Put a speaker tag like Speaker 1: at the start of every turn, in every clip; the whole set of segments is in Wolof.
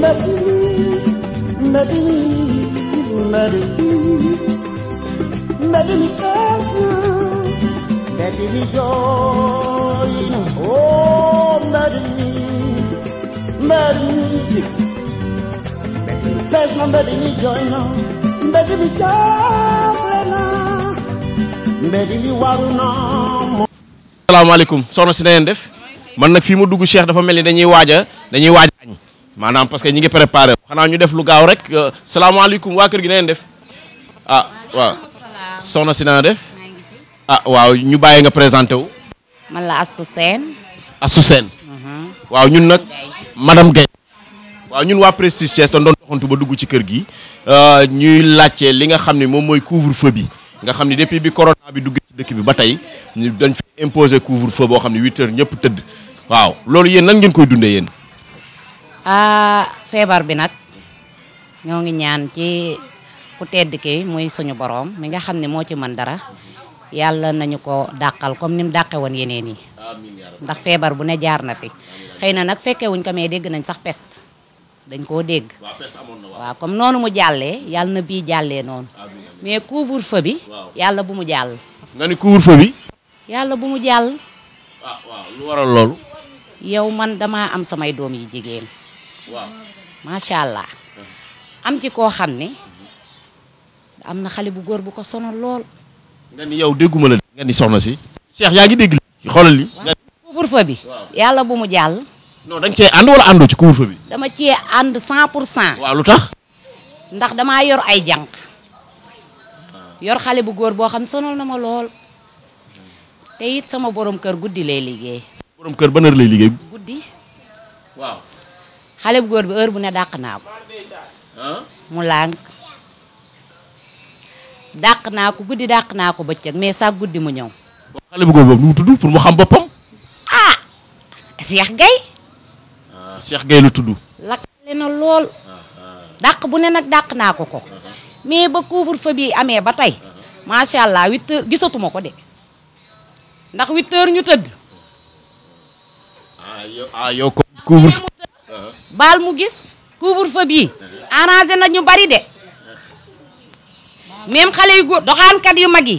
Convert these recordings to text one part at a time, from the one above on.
Speaker 1: asalaamaaleykum oh, soxna si na ngeen def man nag fii ma dugg Cheikh dafa mel dañuy waaj dañuy waaj maanaam parce que ñi ngi préparé xanaa ñu def lu gaaw rek euh, salaamaaleykum waa kër gi na ngeen def ah waaw soxna si na def ah waaw ñu bàyyi nga présenté wu man la Astou Sène mhm. waaw ñun nag madame Gaye waaw ñun waa Prestige Thiès doon doxantu ba dugg ci kër gi euh, ñuy laajte li nga xam ne moom mooy couvre-feu bi nga xam ne depuis bi corona bi duggee ci dëkk bi ba tey dañ fi imposer couvre-feu boo xam ne huit heures ñëpp tëdd waaw loolu yéen nan ngeen koy dundee yéen
Speaker 2: ah bi nak ñoo ngi ñaan ci ku tedd ki muy suñu borom mi nga xam mo ci man dara yalla nañu ko dàqal comme nim mu won yeneen yi ndax febar bu ne jaar na fi xeyna na fekke wuñ ko me deg nañ sax peste dañ koo dégg
Speaker 1: wa
Speaker 2: comme nonu mu jàllee yalla na bi jàllee non mais couvre feu bi yalla bu mu jall nani couvre feu bi yalla bu mu wa ah, wa lu waral loolu yow man dama am samay dom yi jigéen waaw allah. am ci koo xam ne am na xale bu góor bu ko sonal lool.
Speaker 1: nga ni yow dégguma la nga ni soxna si. Cheikh yaa ngi dégg li xoolal li. couvre-feu bi.
Speaker 2: yàlla bu mu jàll.
Speaker 1: non da nga cee ànd wala àndoo ci couvre-feu bi.
Speaker 2: dama cee ànd 100 pour cent. waa lu tax. ndax damaa yor ay jànq. yor xale bu góor boo xam sonal na ma lool. te it sama boroom kër guddi lay liggéey. boroom
Speaker 1: kër ban heure lay liggéey. guddi
Speaker 2: xale bu góor bi heure bu ne dak na ko mu lank dak na ko guddi dak na ko bëccëg mais sa guddi mu ñew
Speaker 1: xale bu góor bob nu tuddu pour mu xam
Speaker 2: bopam ah Cheikh gay
Speaker 1: ah Cheikh gay la tudd.
Speaker 2: lakkale na lool. dàq bu ne nak dak na ko ko. mais ba couvre-feu bi amé ba tay ma sha allah 8 heures gisatuma ko de ndax 8 heures ñu tëdd.
Speaker 1: ah yo ah yow couvre
Speaker 2: bal mu gis couvre-feu bi arrangé na ñu bari dé même xalé yu góor kat yu magi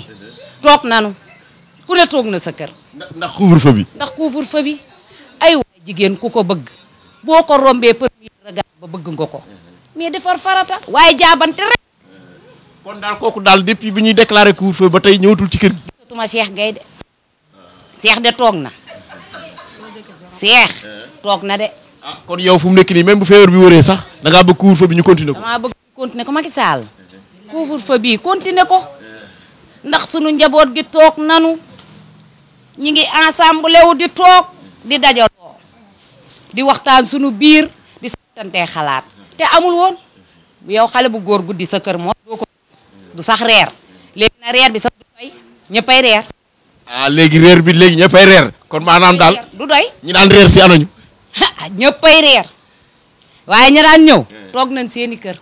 Speaker 2: tok nañu ku ne tok na sa kër.
Speaker 1: ndax couvre-feu bi.
Speaker 2: ndax couvre-feu bi ay jigen ku ko bëgg boko rombé rombee premier regard ba bëgg nga ko mais défar farata. rek. kon dal
Speaker 1: koku dal depuis bi ñuy feu ba tay ñewatul ci kër
Speaker 2: tuma Cheikh gay de Cheikh dé tok na Cheikh tok na dé
Speaker 1: ah kon yow fu mu nekk nii même bu feebar bi wëree sax da ngaa bëgg couvre-feu bi ñu continuer ko.
Speaker 2: damaa bëgg continuer ko Macky Sall couvre-feu bi continuer ko ndax sunu njaboot gi toog nanu ñi ngi ensemble wu di toog di dajaloo di waxtaan sunu biir di sottantee xalaat te amul woon yow xale bu góor guddi sa kër moom doo ko du sax reer léegi na reer bi sax du doy ñëppay reer.
Speaker 1: ah léegi reer bi léegi ñëppay reer. kon maanaam daal
Speaker 2: du doy. ñi daan reer si anañu. ah ñëppay reer
Speaker 1: waaye ña daan ñëw
Speaker 2: eh. toog nañ seeni kër.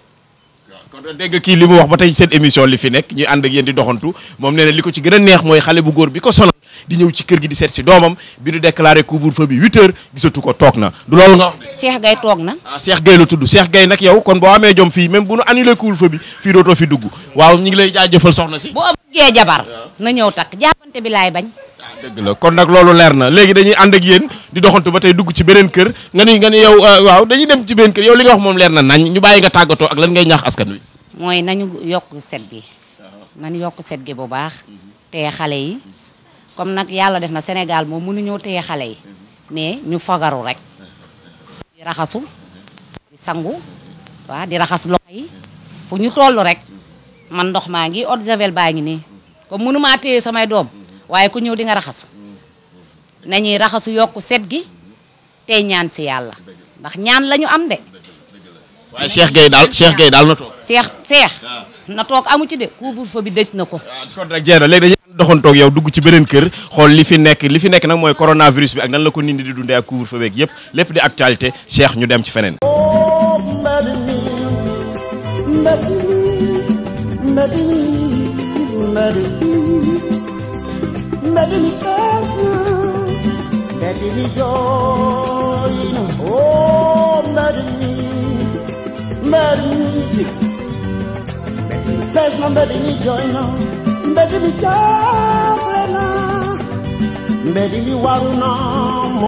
Speaker 1: kon dégg kii li mu wax ma tey seen émission li fi nekk ñuy ànd ak yéen di doxantu moom nee li ko ci gën a neex mooy xale bu góor bi ko sonal di ñëw ci kër gi di seet si doomam bi ñu déclaré couvre-feu bi 8 heures gisatu ko toog na du loolu nga wax
Speaker 2: de. Cheikh Gueye toog na. ah Cheikh Gueye
Speaker 1: tudd Cheikh Gueye nag yow kon boo amee jom fii même bu nu annulé couvre-feu bi fii dootoo fi dugg waaw ñu ngi lay jaa soxna si.
Speaker 2: bu ëpp gee jabar na ñëw takk jaabante bi laay bañ.
Speaker 1: kon nag loolu leer na léegi dañuy ànd ak yéen di doxantu ba tey dugg ci beneen kër nga ni nga ni yow euh, waaw dañuy dem ci beneen kër yow li nga wax moom leer na nañ ñu bàyyi nga tàggatoo ak lan ngay ñaax askan wi.
Speaker 2: mooy nañu yokk set gi nañu yokk set gi bu baax téye xale yi comme nag yàlla def na Sénégal moom mënuñoo téye xale yi mais ñu fagaru rek di raxasu sangu waaw di raxas loxo yi fu ñu toll rek man ndox maa ngi eau javel baa ngi nii comme mënumaa téye samay doom waaye ku ñëw dinga nga raxasu nañuy raxasu yokk set gi tey ñaan si yàlla ndax ñaan lañu am de.
Speaker 1: waaye Cheikh Gueye daal Cheikh Gueye daal na toog.
Speaker 2: seex seex ah. na toog amu ci de couvre-feu bi dëj na ko. kon
Speaker 1: rek jeex yow dugg ci beneen kër xool li fi nekk li fi nekk nag mooy coronavirus bi ak nan la ko nit di dundee ak couvre-feu beeg yëpp lépp di actualité Cheikh ñu dem ci feneen. Oh, to oh, me join Oh, Marini, Marini Says, no, Marini, join on Marini, join on Marini, warun on